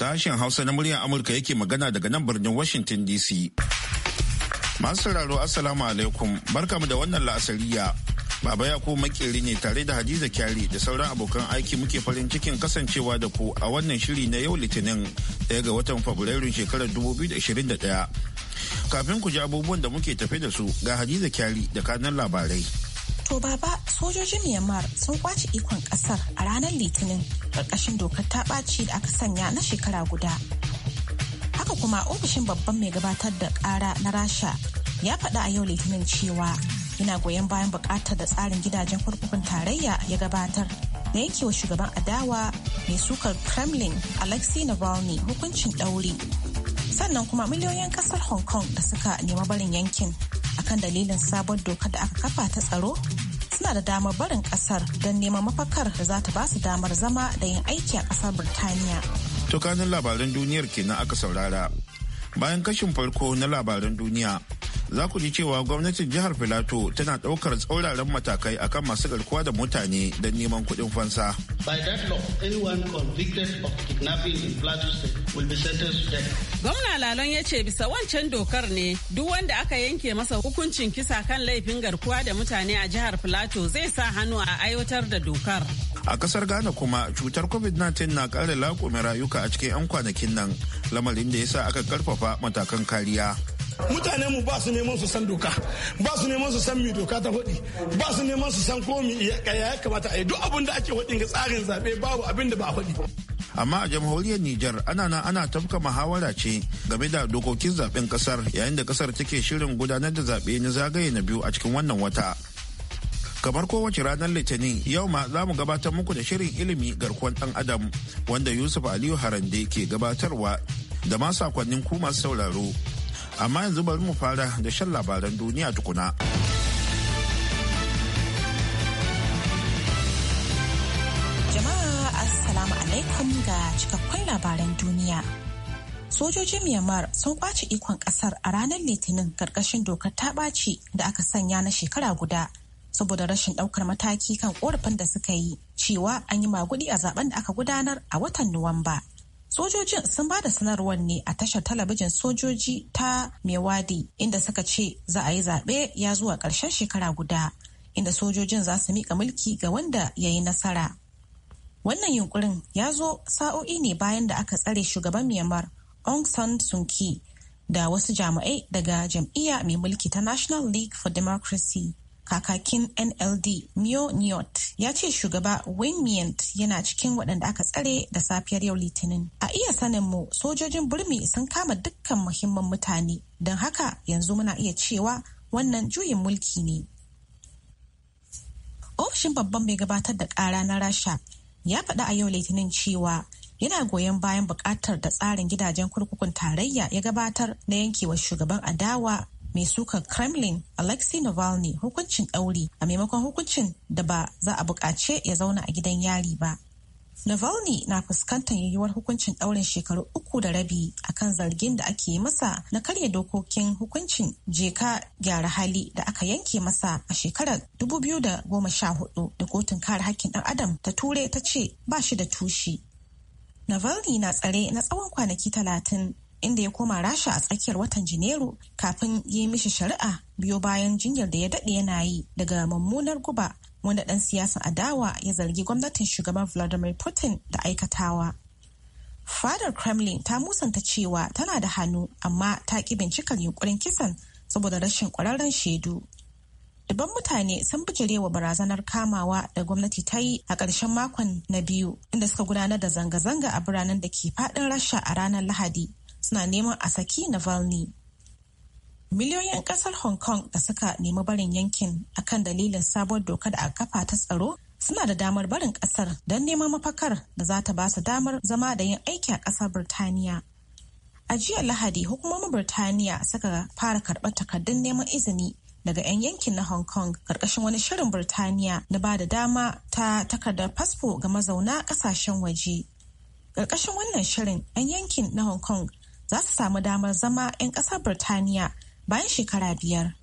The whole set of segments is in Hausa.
Sashen Hausa na muryar Amurka yake magana daga nan birnin Washington DC. Masu sauraro Assalamu alaikum barka mu da wannan la'asariya. Baba Yakubu makeri ne tare da Hadiza Kyari da sauran abokan aiki muke farin cikin kasancewa da ku a wannan shiri na yau Litinin daya ga watan Fabrairun shekarar 2021. Kafin ku ji abubuwan da muke tafe da su ga Hadiza Kyari da kanan labarai. To baba sojojin Myanmar sun kwace ikon kasar a ranar Litinin karkashin dokar ta ɓaci da aka sanya na shekara guda. Haka kuma ofishin babban mai gabatar da ƙara na Rasha ya faɗa a yau litinin cewa yana goyon bayan buƙatar da tsarin gidajen kurkukun tarayya ya gabatar da wa shugaban adawa mai sukar Kremlin Alexei Navalny hukuncin ɗauri. Sannan kuma miliyoyin ƙasar Hong Kong da suka nema barin yankin akan dalilin sabon dokar da aka kafa ta tsaro suna da damar barin kasar don neman mafakar da za ta ba su damar zama da yin aiki a kasar Birtaniya. Tukanin labaran duniyar kenan aka saurara. Bayan kashin farko na labaran duniya, za ku ji cewa gwamnatin jihar filato tana ɗaukar tsauraran matakai akan masu garkuwa da mutane don neman kuɗin fansa. Gwamna Lalon ya ce bisa wancan dokar ne duk wanda aka yanke masa hukuncin kisa kan laifin garkuwa da mutane a jihar filato zai sa hannu a aiwatar da dokar. a kasar ghana kuma cutar covid-19 na ƙara laƙume rayuka a cikin 'yan kwanakin nan lamarin da ya sa aka karfafa matakan kariya mutanen mu ba su neman su san doka ba su neman su san mai doka ta hudi ba su neman su san komi ya kamata a yi duk abin da ake hudin ga tsarin zaɓe babu abin da ba hudi amma a jamhuriyar Nijar ana nan ana tafka muhawara ce game da dokokin zaɓen kasar yayin da kasar take shirin gudanar da zaɓe na zagaye na biyu a cikin wannan wata. Kamar kowace ranar Litinin yau ma za mu gabatar muku da shirin ilimi garkuwan dan Adam wanda Yusuf Aliyu Harande ke gabatarwa da ma sakonnin ku masu sauraro amma yanzu bari mu fara da shan labaran duniya tukuna. Jama'a Assalamu alaikum ga cikakkun labaran duniya. Sojojin Myanmar sun kwace ikon kasar a ranar Litinin karkashin dokar ta ɓaci da aka sanya na shekara guda saboda rashin ɗaukar mataki kan korafin da suka yi cewa an yi magudi a zaben da aka gudanar a watan Nuwamba. Sojojin sun ba da sanarwar ne a tashar talabijin sojoji ta Mewadi inda suka ce za a yi zaɓe ya zuwa ƙarshen shekara guda inda sojojin za su miƙa mulki ga wanda ya yi nasara. Wannan yunkurin ya zo sa'o'i ne bayan da aka tsare shugaban Myanmar Aung San Suu da wasu jami'ai daga jam'iyya mai mulki ta National League for Democracy kakakin nld mio niot ya ce shugaba wayne yana cikin waɗanda aka tsare da safiyar yau litinin a iya sanin mu sojojin burmi sun kama dukkan muhimman mutane don haka yanzu muna iya cewa wannan juyin mulki ne ofishin babban mai gabatar da ƙara na rasha ya faɗa a yau litinin cewa yana goyon bayan buƙatar da tsarin gidajen kurkukun tarayya ya gabatar na yankewa shugaban adawa mai sukar kremlin alexei navalny hukuncin ɗauri a maimakon hukuncin da ba za a buƙace ya zauna a gidan yari ba Navalny na fuskantar yiwuwar hukuncin ɗaurin shekaru uku da rabi akan zargin da ake masa na karya dokokin hukuncin jeka gyara hali da aka yanke masa a shekarar 2014 da kotun kare hakkin ɗan adam ta ture ta ce ba shi da tushe. Navalny na tsare na tsawon kwanaki talatin inda ya koma rasha a tsakiyar watan janairu kafin yi mishi shari'a biyo bayan jinyar da ya daɗe yana yi daga mummunar guba wanda ɗan siyasan adawa ya zargi gwamnatin shugaban vladimir putin da aikatawa fadar kremlin ta musanta cewa tana da hannu amma ta ki bincikar yunkurin kisan saboda rashin kwararren shaidu dubban mutane sun bijirewa barazanar kamawa da gwamnati ta yi a ƙarshen makon na biyu inda suka gudanar da zanga-zanga a biranen da ke faɗin rasha a ranar lahadi suna neman a saki Navalny. Miliyoyin kasar Hong Kong da suka nemi barin yankin akan dalilin sabuwar doka da aka kafa ta tsaro suna da damar barin kasar don neman mafakar da za ta ba su damar zama da yin aiki a kasar Birtaniya. A jiya Lahadi hukumomin Birtaniya suka fara karɓar takardun neman izini daga 'yan yankin na Hong Kong karkashin wani shirin Birtaniya na ba da dama ta takardar fasfo ga mazauna ƙasashen waje. Karkashin wannan shirin 'yan yankin na Hong Kong za su samu damar zama 'yan ƙasar Birtaniya bayan shekara biyar.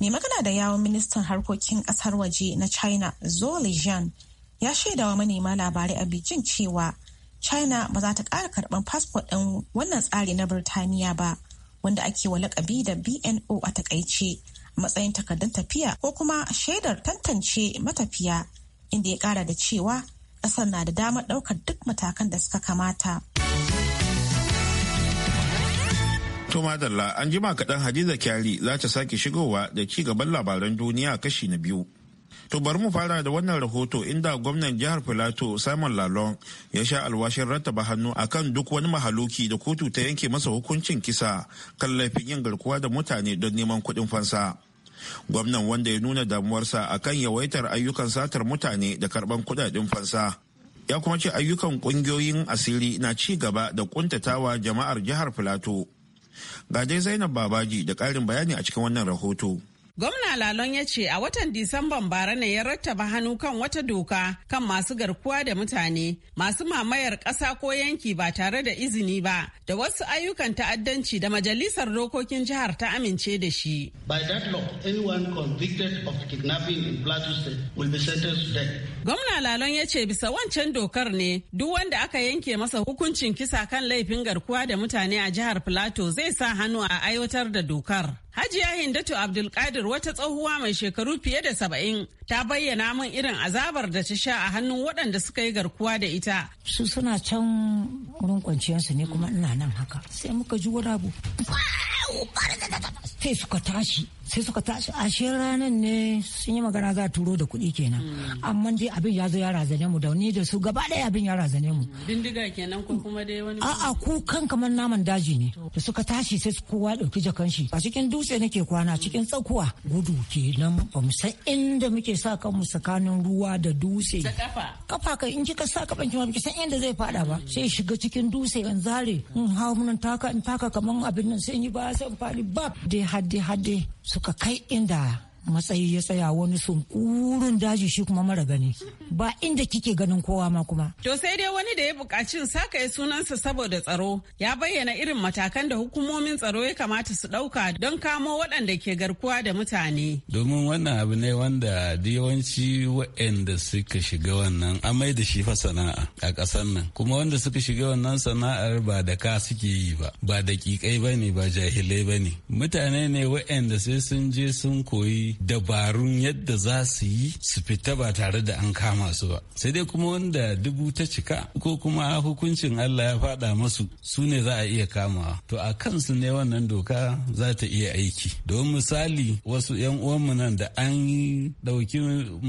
Mai magana da yawon ministan harkokin ƙasar waje na China Zhou Lijian ya shaidawa manema labarai a Beijing cewa China ba za ta ƙara karɓar fasfo ɗin wannan tsari na Birtaniya ba wanda ake wa lakabi da BNO a takaice a matsayin takardun tafiya ko kuma shaidar tantance matafiya inda ya ƙara da cewa ƙasar na da damar ɗaukar duk matakan da suka kamata. To madalla an jima kaɗan Hadiza Kyari za ta sake shigowa da ci gaban labaran duniya kashi na biyu. To bari mu fara da wannan rahoto inda gwamnan jihar Filato Simon Lalong ya sha alwashin rattaba hannu akan duk wani mahaluki da kotu ta yanke masa hukuncin kisa kan laifin yin garkuwa da mutane don neman kuɗin fansa. Gwamnan wanda ya nuna damuwarsa akan yawaitar ayyukan satar mutane da karɓan kuɗaɗen fansa. Ya kuma ce ayyukan ƙungiyoyin asiri na ci gaba da ƙuntatawa jama'ar jihar Filato. Ga Zainab Babaji da ƙarin bayani a cikin wannan rahoto. Gwamna Lalon ya ce a watan Disamban bara ne ya rattaba hannu kan wata doka kan masu garkuwa da mutane, masu mamayar ƙasa ko yanki ba tare da izini ba, da wasu ayyukan ta'addanci da majalisar dokokin jihar ta amince da shi. By that law, anyone convicted of kidnapping in Plateau State will be sentenced to death. Gwamna Lalon ya ce bisa wancan dokar ne duk wanda aka yanke masa hukuncin kisa kan laifin garkuwa da mutane a jihar Plateau zai sa hannu a aiwatar da dokar. Hajiya Hindatu Abdulkadir wata tsohuwa mai shekaru fiye da saba'in ta bayyana min irin azabar da ta sha a hannun waɗanda suka yi garkuwa da ita. Su suna can wurin kwanciyarsu ne kuma ina nan haka. Sai muka ji wani abu. Sai suka tashi sai suka tashi ashe ranar ne sun yi magana za a turo da kuɗi kenan hmm. amma dai abin ya zo ya razane mu da ni da su gaba ɗaya abin ya razane mu hmm. bindiga kenan ko kuma dai wani a'a kukan kamar naman daji ne da suka tashi sai kowa ɗauki jakan shi a cikin dutse nake kwana hmm. cikin tsakuwa gudu kenan ba mu san inda muke sa kanmu tsakanin ruwa da dutse kafa ka in kika sa kafan ki ma kisan inda zai fada ba sai shiga cikin dutse in zare in hawo mun taka in taka kamar abin nan sai in yi ba sai in faɗi bab dai hadde hadde suka kai inda matsayi ya tsaya wani sunkurun daji shi kuma mara gani ba inda kike ganin kowa ma kuma. To sai dai wani da ya buƙaci saka ya sunansa saboda tsaro ya bayyana irin matakan da hukumomin tsaro ya kamata su ɗauka don kamo waɗanda ke garkuwa da mutane. Domin wannan abu ne wanda yawanci waɗanda suka shiga wannan amai da shi fa sana'a a ƙasar nan kuma wanda suka shiga wannan sana'ar ba da ka suke yi ba ba da ƙiƙai ba ne ba jahilai ba ne mutane ne waɗanda sai sun je sun koyi dabarun yadda za su yi su fita ba tare da an kama su ba sai dai kuma wanda dubu ta cika ko kuma hukuncin allah ya fada masu su ne za a iya kamawa to a kansu ne wannan doka za ta iya aiki don misali wasu yan uwanmu nan da an ɗauki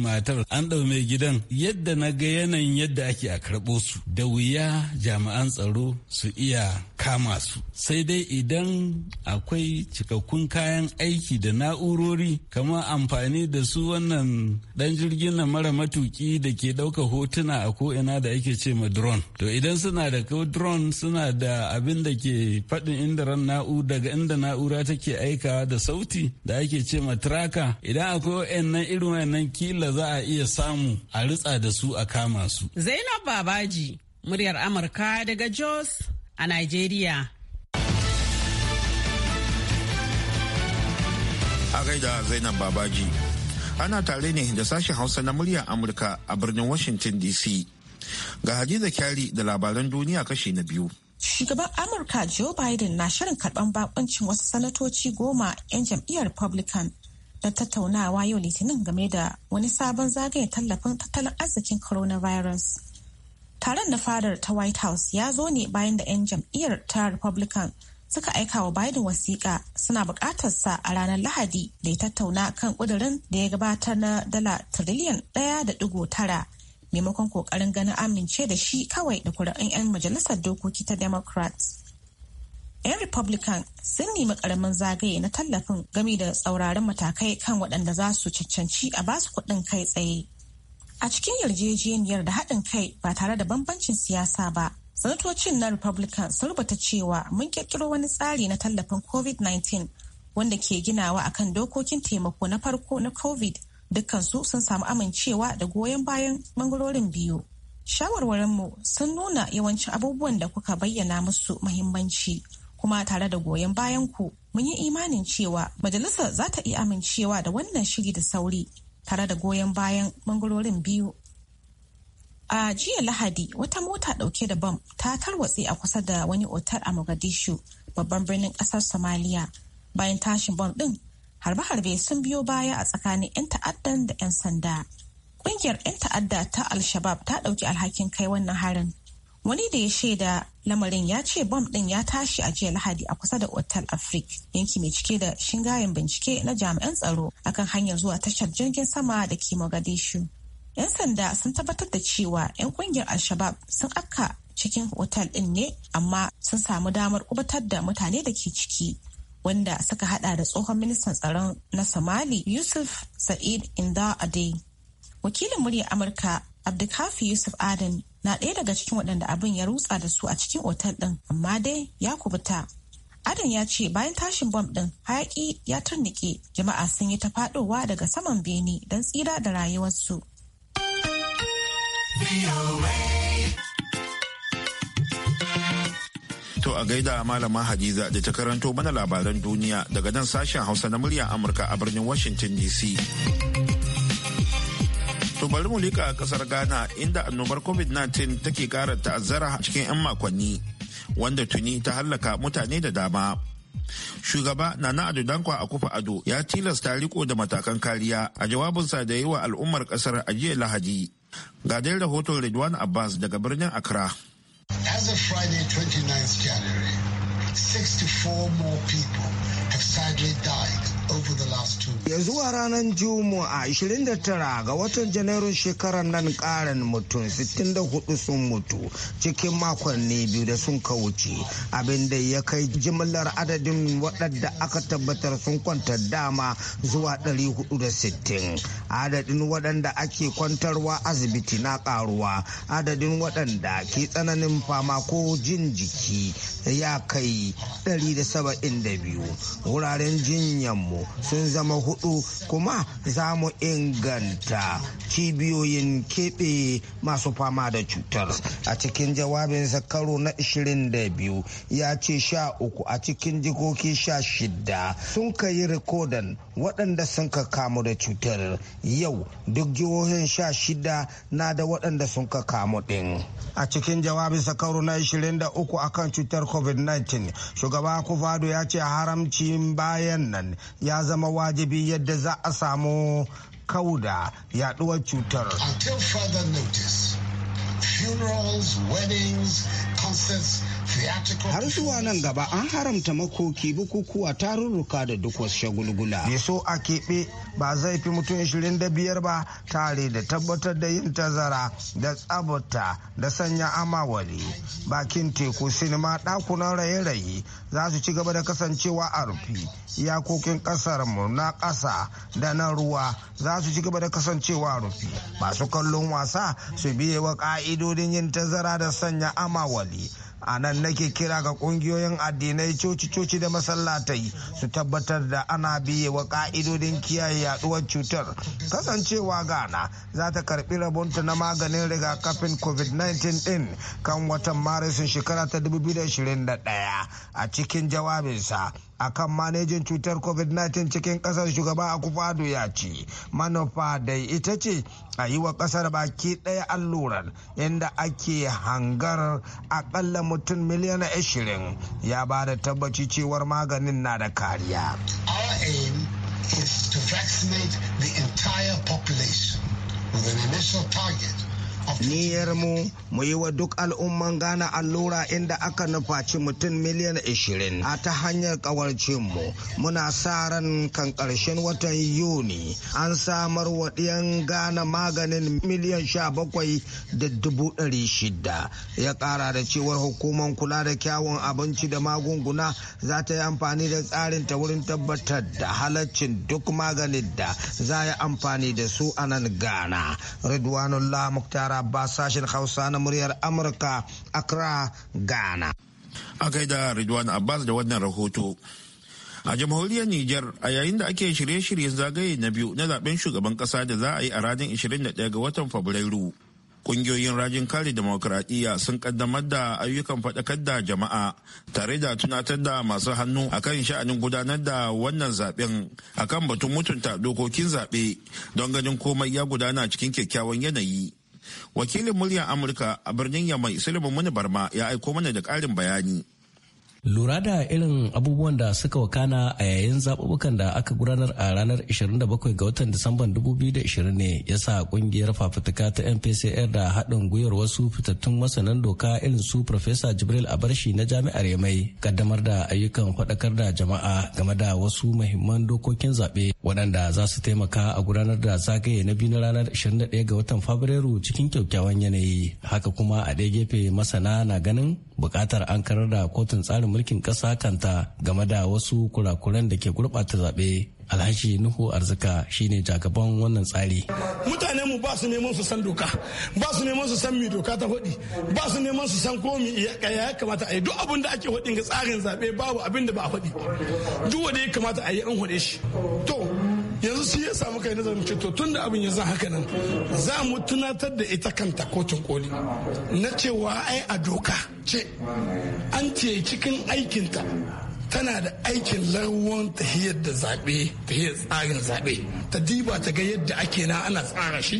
matar an ɗau mai gidan yadda na ga yanayin yadda ake a karɓo su da wuya jami'an tsaro su iya kama su sai dai idan akwai cikakkun kayan aiki da na'urori kamar kuma amfani da su wannan dan jirgin nan mara matuki da ke ɗauka hotuna a ko'ina da ake ce ma drone to idan suna da ko drone suna da abin da ke faɗin inda ran na'u daga inda na'ura take aika da sauti da ake ce ma traka idan akwai wayannan irin wayannan kila za a iya samu a ritsa da su a kama su zainab babaji muryar amurka daga jos a nigeria a gaida zainab babaji ana tare ne da sashen hausa na muryar amurka a birnin washington dc ga hadiza kyari da labaran duniya kashi na biyu Shugaban Amurka Joe Biden na shirin karban bakuncin wasu sanatoci goma 'yan jam'iyyar Republican na tattaunawa yau litinin game da wani sabon zagaya tallafin tattalin arzikin coronavirus. Taron na fadar ta White House ya zo ne bayan da 'yan jam'iyyar ta Republican suka aika wa Biden wasiƙa suna buƙatar sa a ranar Lahadi da ya tattauna kan ƙudurin da ya gabatar na dala tiriliyan ɗaya da ɗigo tara maimakon ƙoƙarin ganin amince da shi kawai da kuri'un 'yan majalisar dokoki ta Democrats. 'Yan Republican sun nemi ƙaramin zagaye na tallafin gami da tsauraran matakai kan waɗanda za su cancanci a ba su kuɗin kai tsaye. A cikin yarjejeniyar da haɗin kai ba tare da bambancin siyasa ba, sanatocin na republican sun rubuta cewa mun kirkiro wani tsari na tallafin covid-19 wanda ke ginawa akan dokokin taimako na farko na covid dukkansu sun samu amincewa da goyon bayan bangarorin biyu shawarwarinmu sun nuna yawancin abubuwan da kuka bayyana musu mahimmanci kuma tare da goyon bayan ku mun yi imanin cewa majalisar za ta iya amincewa da wannan shiri da sauri tare da goyon bayan bangarorin biyu A jiya Lahadi wata mota dauke da bam ta tarwatse a kusa da wani otal a Mogadishu babban birnin kasar Somaliya bayan tashin bam din harbe-harbe sun biyo baya a tsakanin 'yan ta'addan da 'yan sanda. ƙungiyar 'yan ta'adda ta Al-Shabab ta ɗauki alhakin kai wannan harin. Wani da ya shaida lamarin ya ce bam din ya tashi a jiya Lahadi a kusa da Otal Afrik yanki mai cike da shingayen bincike na jami'an tsaro akan hanyar zuwa tashar jirgin sama da ke Mogadishu. 'Yan sanda sun tabbatar da cewa 'yan kungiyar alshabab sun akka cikin otal ɗin ne amma sun samu damar kubutar da mutane da ke ciki wanda suka hada da tsohon ministan tsaron na Somali Yusuf Sa'id Inda Ade. Wakilin murya Amurka Abdulkafi Yusuf Adan na ɗaya daga cikin waɗanda abin ya rutsa da su a cikin otal ɗin amma dai ya kubuta. Adan ya ce bayan tashin bom ɗin hayaki ya turnike jama'a sun yi ta faɗowa daga saman bene don tsira da rayuwarsu. To a gaida malama Hadiza da ta karanto mana labaran duniya daga nan sashen Hausa na murya Amurka a birnin Washington DC. To bari mu lika kasar Ghana inda annobar COVID-19 take kara ta'azzara cikin 'yan makonni wanda tuni ta hallaka mutane da dama. Shugaba na Ado Dankwa Akufa Ado ya tilasta riko da matakan kariya a jawabinsa da yi wa al'ummar kasar a jiya Lahadi. Ga dai rahoton Ridwan Abbas daga birnin Accra. As of Friday 29th January, 64 more people have sadly died Ya zuwa ranar Juma'a 29 ga watan Janairun shekarar nan karin mutum 64 sun mutu cikin makonni biyu da sun kawuce abinda ya kai jimlar adadin waɗanda aka tabbatar sun kwanta dama zuwa 460. Adadin waɗanda ake kwantarwa azibiti na karuwa adadin waɗanda ke tsananin fama ko jin jiki ya kai 172 wuraren jinyanmu sun zama hudu kuma za mu inganta cibiyoyin keɓe masu fama da cutar a cikin jawabin karo na 22 ya ce sha uku a cikin jikoki sha shida sun ka yi rikodan waɗanda sun ka kamu da cutar yau duk jihohin sha shida na da waɗanda sun ka kamu ɗin a cikin jawabin karo na 23 akan cutar covid-19 shugaba kufado ya ce haramcin bayan nan ya zama wajibi yadda za a samu da yaduwar cutar. Until further notice, funerals, weddings, concerts har zuwa nan gaba an haramta makoki bukukuwa tarurruka da duk wasu shagulgula bai so a keɓe ba zai fi mutum 25 ba tare da tabbatar da yin tazara da tsabata da sanya amawali bakin teku sinima ɗakunan raye-raye za su ci gaba da kasancewa a rufi iyakokin ƙasar mu na ƙasa da na ruwa za su ci gaba da kasancewa a rufi masu kallon wasa su biye wa ƙa'idodin yin tazara da sanya amawali a nan nake kira ga kungiyoyin addinai coci-coci da masallatai su tabbatar da ana biye wa ka'idodin kiyaye yaduwar cutar kasancewa ghana za ta karbi rabonta na maganin rigakafin covid-19 din kan watan marisun shekara ta 2021 a cikin jawabinsa akan manejin cutar covid-19 cikin kasar shugaba a akufado ya ce manufa dai ita ce a yi wa kasar baki ɗaya alluran inda ake hangar akalla mutum miliyan 20 ya ba da tabbaci cewar maganin na da kariya is to vaccinate the entire population with an initial target niyyar mu mu yi wa duk al'umman Gana allura inda aka nufaci mutum miliyan 20 a ta hanyar kawarcin mu muna sa ran kan karshen watan Yuni an samar wa ɗiyan Gana maganin miliyan 17 da dubu ɗari shida ya ƙara da cewar hukumar kula da kyawun abinci da magunguna za ta yi amfani da tsarin ta wurin tabbatar da halaccin duk maganin da za yi amfani da su anan gana. Ghana. Ridwanullah Muktara Laraba sashen Hausa na muryar Amurka Accra, Ghana. A gaida Ridwan Abbas da wannan rahoto. A jamhuriyar Nijar a yayin da ake shirye-shiryen zagaye na biyu na zaben shugaban kasa da za a yi a ranar 21 ga watan Fabrairu. Kungiyoyin rajin kare demokuraɗiyya sun kaddamar da ayyukan faɗakar da jama'a tare da tunatar da masu hannu akan sha'anin gudanar da wannan zaben akan batun mutunta dokokin zaɓe don ganin komai ya gudana cikin kyakkyawan yanayi. wakilin muryar amurka a birnin yamai sulaiman muni barma ya aiko mana da karin bayani lura da irin abubuwan da suka wakana a yayin zaɓuɓɓukan da aka gudanar a ranar 27 ga watan disamban 2020 ne ya sa ƙungiyar fafutuka ta mpcr da haɗin gwiwar wasu fitattun masanan doka irin su profesa jibril abarshi na jami'ar mai kaddamar da ayyukan faɗakar da jama'a game da wasu mahimman dokokin zaɓe waɗanda za su taimaka a gudanar da zagaye na biyu na ranar 21 ga watan fabrairu cikin kyakkyawan yanayi haka kuma a ɗaya gefe masana na ganin buƙatar an karar da kotun tsarin mulkin ƙasa kanta game da wasu kurakuran da ke gurɓata zaɓe alhaji nuhu arzika shine jagaban wannan tsari mutane mu ba su neman su san doka ba su neman su san mi doka ta hudi ba su neman su san komi ya kamata a yi duk abin da ake hudin ga tsarin zabe babu abin da ba a hudi duk wanda ya kamata a yi an hude shi to yanzu shi ya samu kai nazarin ce to tun da abin zan haka nan za mu tunatar da ita kanta kotun koli na cewa ai a doka ce an ce cikin aikinta tana da aikin larwon hiyar da zaɓe ta hiyar tsarin zaɓe ta diba ta ga yadda ake na ana tsara shi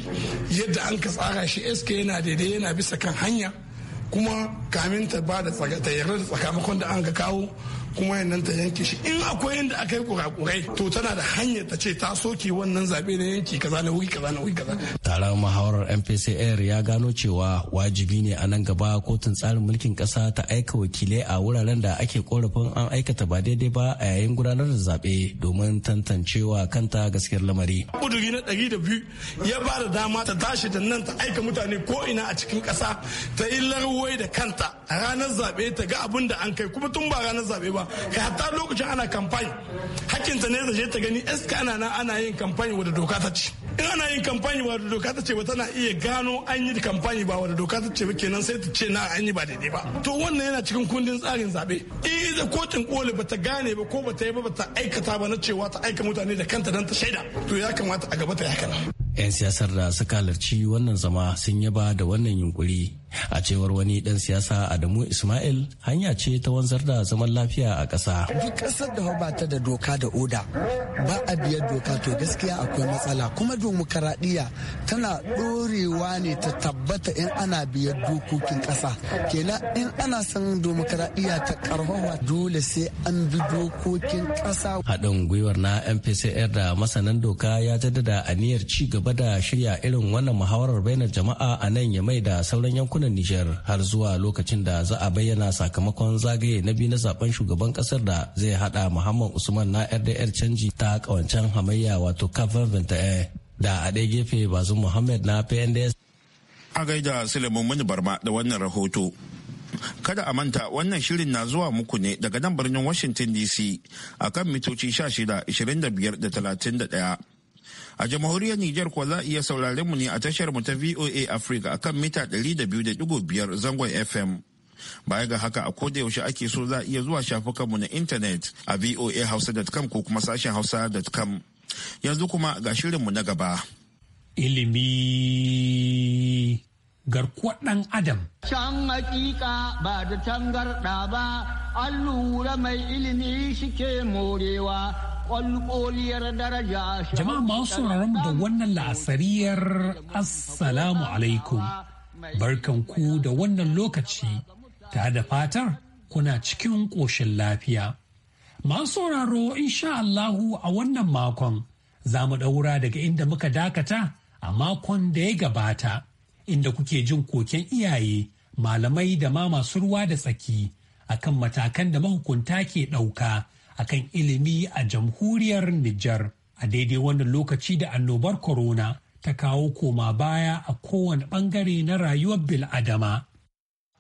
yadda an ka tsara shi sk yana daidai yana bisa kan hanya kuma kamin ta ba da ta da tsakamakon da an ka kawo kuma yannan ta yanke shi in akwai yanda aka yi kurakurai to tana da hanyar ta ce ta soke wannan zaɓe na yanki kaza na wuri kaza na wuri kaza. taron muhawarar mpcr ya gano cewa wajibi ne a nan gaba kotun tsarin mulkin ƙasa ta aika wakilai a wuraren da ake korafin an aikata ba daidai ba a yayin gudanar da zaɓe domin tantancewa kanta gaskiyar lamari. kuduri na ɗari da biyu ya ba da dama ta tashi da nan ta aika mutane ko ina a cikin ƙasa ta yi larwai da kanta a ranar zaɓe ta ga abun da an kai kuma tun ba ranar zaɓe ba kai hatta lokacin ana kamfani hakkin ta ne zai ta gani iska ana nan ana yin kamfani wadda doka ta ce in ana yin kamfani wadda doka ta ce ba tana iya gano an yi kamfani ba wadda doka ta ce ba kenan sai ta ce na an yi ba daidai ba to wannan yana cikin kundin tsarin zaɓe. Eh, in da kotun koli ba ta gane ba ko ba ta yi ba ba ta aikata ba na cewa ta aika mutane da kanta don ta shaida to ya kamata a gaba ta yi haka 'yan siyasar da suka halarci wannan zama sun yaba da wannan yunkuri a cewar wani dan siyasa adamu ismail hanya ce ta wanzar da zaman lafiya a ƙasa duk ƙasar da ba ta da doka da oda ba a biyar doka to gaskiya akwai matsala kuma dimokuraɗiyya tana ɗorewa ne ta tabbata in ana biyar dokokin ƙasa kenan in ana san dimokuraɗiyya ta karfafa dole sai an bi dokokin ƙasa haɗin gwiwar na mpcr da masanan doka ya jaddada aniyar ci gaba da shirya irin wannan muhawarar bainar jama'a a nan ya mai da sauran yankunan yankunan Nijar har zuwa lokacin da za a bayyana sakamakon zagaye na biyu na zaben shugaban kasar da zai hada Muhammad Usman na RDR canji ta kawancen hamayya wato kafin da a ɗaya gefe bazin Muhammad na PNDS. A gaida Suleiman Muni Barma da wannan rahoto. Kada a manta wannan shirin na zuwa muku ne daga nan birnin Washington DC akan mitoci 16, 25 da 31. A jamhuriyar Nijar kuwa za a iya saurare mu ne a tashar mu ta VOA Africa akan mita 200.5 zangon FM. Baya ga haka a koda yaushe ake so za a iya zuwa shafukanmu na intanet a voahausa.com ko kuma sashen hausa.com. Yanzu kuma ga shirinmu na gaba. Ilimi garkuwar ɗan Adam. Can hakika ba da tangarɗa ba, an lura mai ilimi shike morewa jama'a masu sauraron da wannan la'asariyar assalamu alaikum barkan ku da wannan lokaci ta da fatar kuna cikin ƙoshin lafiya masu sauraro insha Allahu a wannan makon za mu ɗaura daga inda muka dakata a makon da ya gabata inda kuke jin koken iyaye malamai da ma masu ruwa da tsaki akan matakan da mahukunta ke ɗauka akan ilimi a jamhuriyar Nijar a daidai wannan lokaci da annobar korona ta kawo koma baya a kowane bangare na rayuwar bil'adama.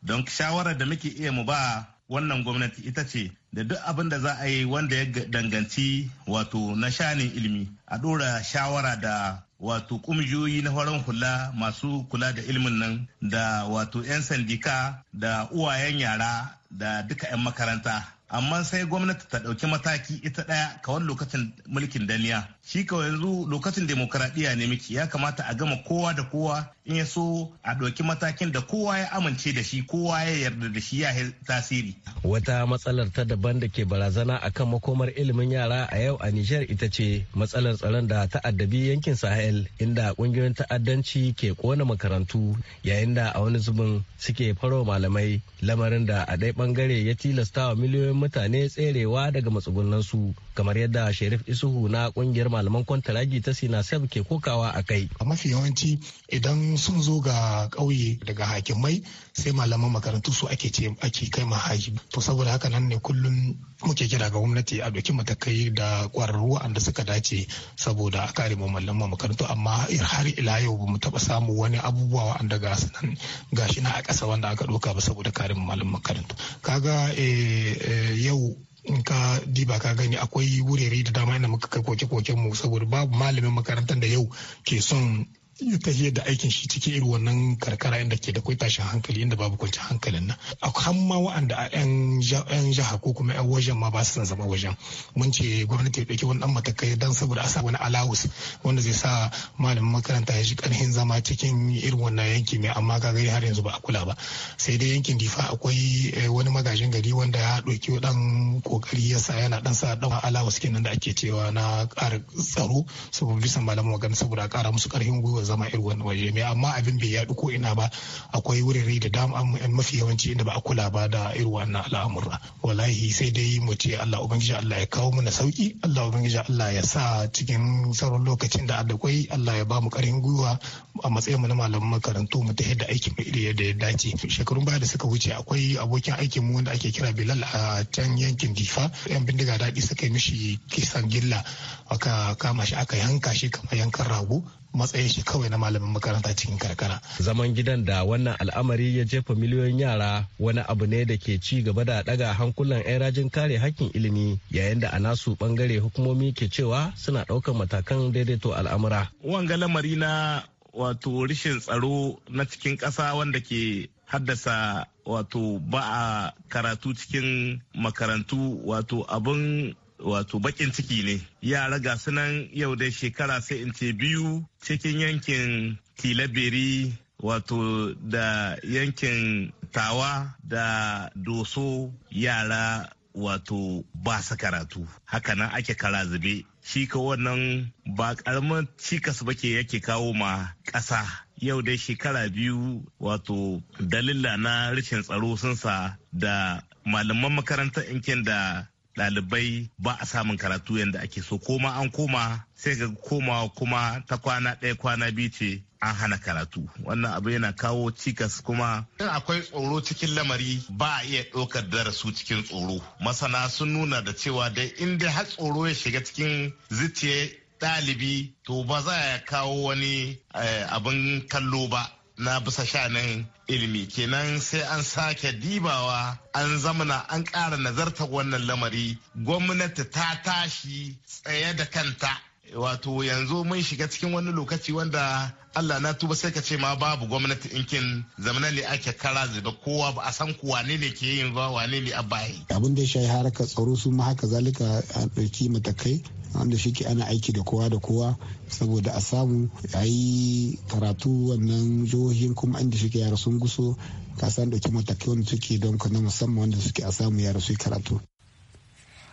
Don shawarar da muke iya mu ba wannan gwamnati ita ce da duk abin da za a yi wanda ya danganci wato na shanin ilimi a ɗora shawara da wato ƙungiyoyi na farin hula masu kula da ilimin nan da wato 'yan sandika da uwayen yara da duka 'yan makaranta amma sai gwamnati ta ɗauki mataki ita ɗaya kawai lokacin mulkin daniya shi kawai yanzu lokacin demokuraɗiyya ne miki ya kamata a gama kowa da kowa in ya so a ɗauki matakin da kowa ya amince da shi kowa ya yarda da shi ya tasiri. wata matsalar ta daban da ke barazana a kan makomar ilimin yara a yau a nijar ita ce matsalar tsaron da ta'addabi yankin sahel inda kungiyoyin ta'addanci ke kona makarantu yayin da a wani zubin suke faro malamai lamarin da a ɗaya bangare ya tilasta wa miliyoyin mutane tserewa daga matsugunansu kamar yadda Sherif Isuhu na kungiyar malaman kwantaragi ta Sinasef ke kokawa a kai. A mafi yawanci idan sun zo ga ƙauye daga hakimai sai malaman makarantu su ake ce ake kai ma haji. To saboda haka nan ne kullum muke kira ga gwamnati a ɗauki matakai da ƙwararru anda suka dace saboda a kare malaman makarantu amma har ila yau ba mu taɓa samu wani abubuwa waɗanda ga nan gashi na a ƙasa wanda aka ɗauka ba saboda kare malaman makarantu. Kaga eh, eh, yau in ka diba ka gani akwai wurare da dama inda muka kai koke-koken mu saboda babu malamin makarantar da yau ke son ya tahiyar da aikin shi cikin irin wannan karkara inda ke da kwai tashin hankali inda babu kwanci hankalin nan a kan ma wa'anda a yan jiha ko kuma yan wajen ma ba su zama wajen mun ce gwamnati ya ɗauki wani ɗan matakai don saboda a sa wani alawus wanda zai sa malamin makaranta ya ji ƙarfin zama cikin irin wannan yanki mai amma kaga har yanzu ba a kula ba sai dai yankin difa akwai eh, wani magajin gari wanda ya ɗauki ɗan kokari ya sa yana ɗan sa ɗan alawus kenan da ake cewa na ƙara tsaro saboda bisa malamin magana saboda a ƙara musu ƙarfin gwiwa zama irin wani waje mai amma abin bai yaɗu ko ina ba akwai wurare da dama mafi yawanci inda ba a kula ba da irin wannan al'amura wallahi sai dai mu ce Allah ubangiji Allah ya kawo mana sauki Allah ubangiji Allah ya sa cikin sauran lokacin da kwai Allah ya ba mu karin gwiwa a matsayin mu na malaman makarantu mu ta yadda aikin mu iri yadda ya dace shekarun baya da suka wuce akwai abokin aikin mu wanda ake kira Bilal a can yankin Difa yan bindiga daɗi suka yi mishi kisan gilla aka kama shi aka yanka shi kamar yankan rago matsayin shi kawai na malamin makaranta cikin karkara. Zaman gidan da wannan al'amari ya jefa miliyoyin yara wani abu ne da ke ci gaba da daga hankulan 'yan rajin kare hakkin ilimi yayin da a nasu bangare hukumomi ke cewa suna ɗaukar matakan daidaito al'amura. Wanga lamari na wato rishin tsaro na cikin ƙasa wanda ke haddasa wato ba a karatu cikin makarantu wato abin wato bakin ciki ne yara ga sunan yau da shekara sai in ce biyu cikin yankin tilaberi wato da yankin tawa da doso yara wato ba su karatu hakanan ake kara zube shi ka wannan ba karamin cikas ba ke yake kawo ma ƙasa yau dai shekara biyu wato dalila na rashin tsaro sun sa da malaman makarantar inkin da ɗalibai ba a samun karatu yadda ake so koma an koma sai ga komawa kuma ta kwana ɗaya kwana biyu ce an hana karatu wannan abu yana kawo cikas kuma in akwai tsoro cikin lamari ba a iya ɗaukar darasu cikin tsoro masana sun nuna da cewa dai inda har tsoro ya shiga cikin zuciya ɗalibi to ba za ya kawo wani eh, abin kallo ba na bisa shanin ilimi kenan sai an sake dibawa an zamana an Kara nazartar wannan lamari gwamnati ta tashi tsaye da kanta wato yanzu mun shiga cikin wani lokaci wanda Allah na tuba sai ka ce ma babu gwamnati in inkin zamanin ne ake kara zuba kowa ba a san ku wane ne ke yin ba wane ne a bayi. Abin da ya shayi harkar tsaro su ma haka zalika a ɗauki matakai wanda shi ke ana aiki da kowa da kowa saboda a samu a yi karatu wannan jihohin kuma inda shi ke yara sun guso ka san ɗauki matakai wanda suke don na musamman wanda suke a samu yara su karatu.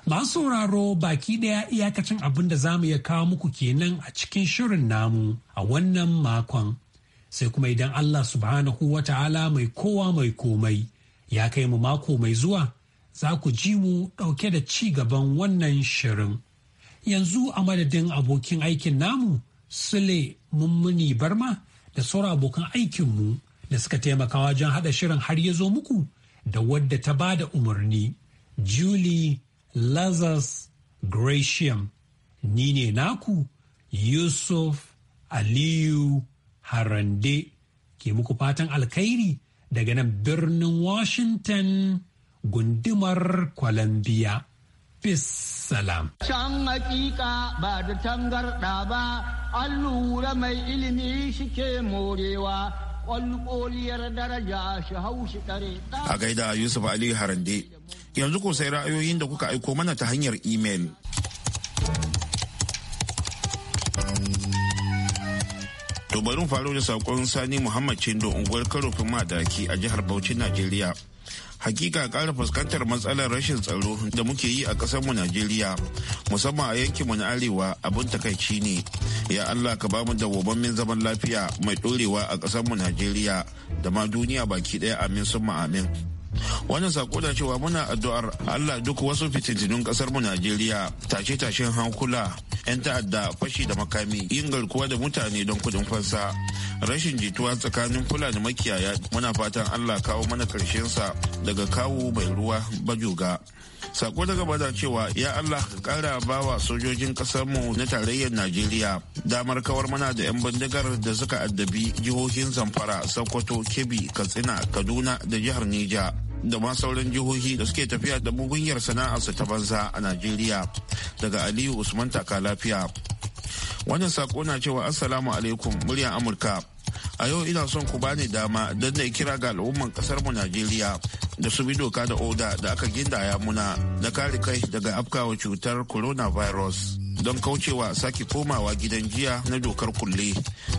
Masu sauraro baki daya iyakacin abin da zamu ya kawo muku kenan a cikin shirin namu a wannan makon. Sai kuma idan Allah subhanahu wa ta'ala mai kowa mai komai ya kai mu mako mai zuwa za ku ji mu dauke da ci gaban wannan shirin. yanzu a madadin abokin aikin namu sule mummuni barma da sauran abokan aikinmu da suka taimaka wajen haɗa shirin har ya zo muku da wadda ta ba da umarni julie lazarus gratium ni ne naku yusuf aliyu harande ke muku fatan alkhairi daga nan birnin washington gundumar columbia salam. Can hakika ba da tangarɗa ba, an lura mai ilimi shike morewa, ƙwalƙoliyar daraja shi hau shi ɗare. A gaida Yusuf Ali Harande, yanzu ko sai ra'ayoyin da kuka aiko mana ta hanyar imel. To bari faro da saƙon Sani Muhammad Chindo unguwar Karofin Madaki a jihar Bauchi, Najeriya. hakika ƙara fuskantar matsalar rashin tsaro da muke yi a ƙasarmu Najeriya musamman a yankin mu na arewa abin takaici ne ya Allah ka bamu da min zaman lafiya mai ɗorewa a ƙasarmu Najeriya da ma duniya baki ɗaya amin summa amin. wannan sako da cewa muna addu'ar Allah duk wasu fitintinun kasar mu Najeriya tashe tashen hankula yan ta'adda fashi da makami yin garkuwa da mutane don kudin fansa rashin jituwa tsakanin kula da makiyaya muna fatan Allah kawo mana karshen sa daga kawo mai ruwa bajuga sako daga bada cewa ya Allah ka kara bawa sojojin kasar mu na tarayyar Najeriya damar kawar mana da 'yan bindigar da suka addabi jihohin Zamfara, Sokoto, Kebbi, Katsina, Kaduna da jihar Nija da ma sauran jihohi da suke tafiya da mugunyar su ta banza a Najeriya daga Aliyu Usman Taka Lafiya. Wannan sako na cewa Assalamu alaikum muryar Amurka. A yau ina son ku bani dama don na kira ga al'umman kasar mu Najeriya da su bi doka da oda da aka gindaya muna na kare kai daga afkawa cutar coronavirus. don kaucewa sake komawa gidan jiya na dokar kulle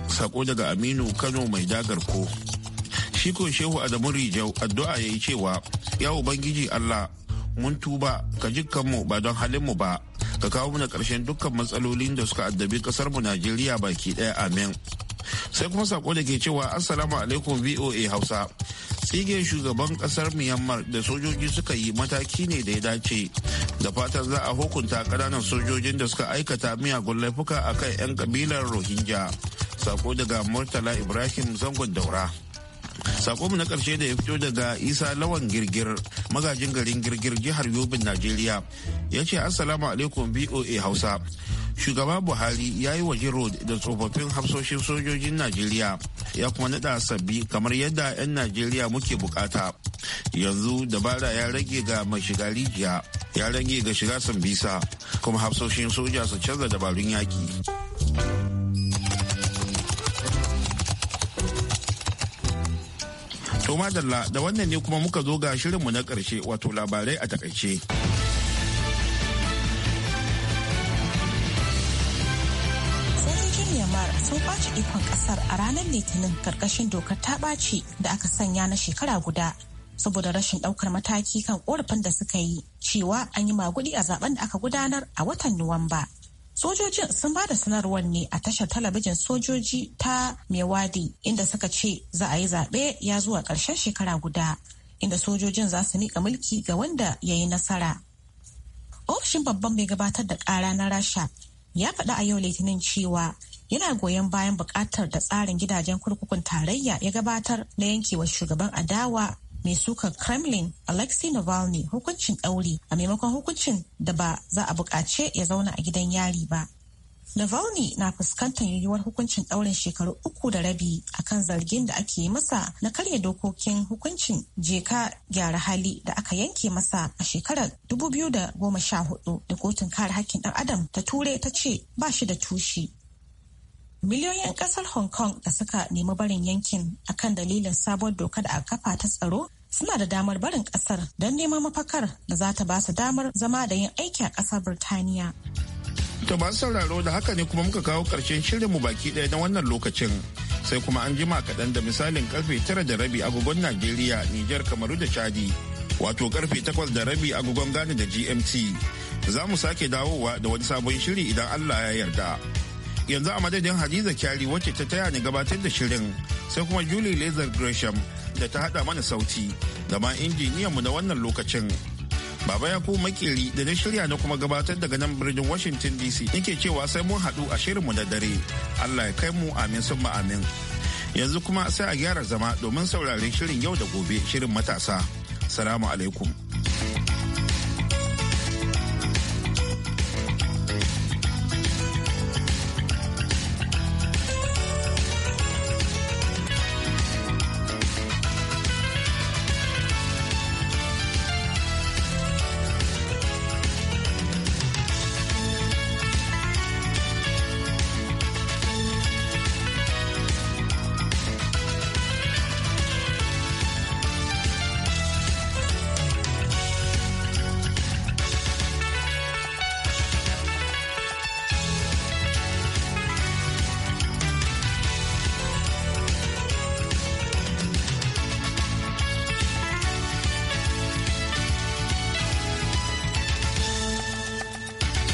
sako daga aminu kano mai dagar ko shi ko shehu adamu rijau addu'a ya yi cewa ya ubangiji allah mun tuba ka jikanmu ba don halinmu ba ka kawo mana karshen dukkan matsalolin da suka addabi mu najeriya baki ɗaya amin sai kuma sako da ke cewa assalamu alaikum voa hausa tsige shugaban kasar myanmar da sojoji suka yi mataki ne da ya dace da fatan za a hukunta ƙananan sojojin da suka aikata miyagun laifuka a kan 'yan ƙabilar rohingya sako daga murtala ibrahim zangon daura mu na karshe da ya fito daga isa lawan girgir magajin garin girgir jihar yobin najeriya ya ce assalamu alaikum voa hausa shugaba buhari ya yi waje road da tsofaffin hafsoshin sojojin najeriya ya kuma nada sabbi kamar yadda 'yan najeriya muke bukata yanzu dabara ya rage ga mai shiga rijiya ya rage ga shiga sambisa kuma hafsoshin soja su canza dabarun yaki To madalla da wannan ne kuma muka zo ga shirin mu na ƙarshe wato labarai a takaice. sun ɓaci ikon ƙasar a ranar litinin ƙarƙashin dokar ta ɓaci da aka sanya na shekara guda saboda rashin ɗaukar mataki kan ƙorafin da suka yi cewa an yi maguɗi a zaben da aka gudanar a watan nuwamba Sojojin sun ba da sanarwar ne a tashar talabijin sojoji ta Mewadi inda suka ce za a yi zaɓe ya zuwa ƙarshen shekara guda inda sojojin za su miƙa mulki ga wanda ya yi nasara. Ofishin babban mai gabatar da ƙara na Rasha ya faɗa a yau Litinin cewa yana goyon bayan buƙatar da tsarin gidajen kurkukun tarayya ya gabatar na yankewa shugaban adawa mai sukar kremlin alexei navalny hukuncin ɗauri a maimakon hukuncin da ba za a buƙace ya zauna a gidan yari ba Navalny na fuskantar yiwuwar hukuncin ɗaurin shekaru uku da rabi a kan zargin da ake yi masa na karya dokokin hukuncin jeka gyara hali da aka yanke masa a shekarar 2014 da kotun kare hakkin ɗan adam ta ture ta ce ba shi da tushe. Miliyoyin ƙasar Hong Kong da suka nemi barin yankin akan dalilin sabuwar doka da aka kafa ta tsaro suna da damar barin kasar don neman mafakar da za ta ba su damar zama da yin aiki a kasar Birtaniya. To ba sauraro da haka ne kuma muka kawo ƙarshen shirinmu baki ɗaya na wannan lokacin. Sai kuma an jima kaɗan da misalin karfe tara da rabi agogon Najeriya, Nijar, Kamaru da Chadi. Wato karfe takwas da rabi agogon Ghana da GMT. Za mu sake dawowa da wani sabon shiri idan Allah ya yarda. Yanzu a madadin Hadiza Kyari wacce ta taya ni gabatar da shirin sai kuma Julie Lazar Gresham da ta hada mana sauti da ma mu na wannan lokacin. Baba ya ku makeri da na shirya na kuma gabatar daga nan birnin Washington DC nake cewa sai mun haɗu a shirin mu na dare. Allah ya kai mu amin sun amin. Yanzu kuma sai a gyara zama domin sauraren shirin yau da gobe shirin matasa. Salamu alaikum.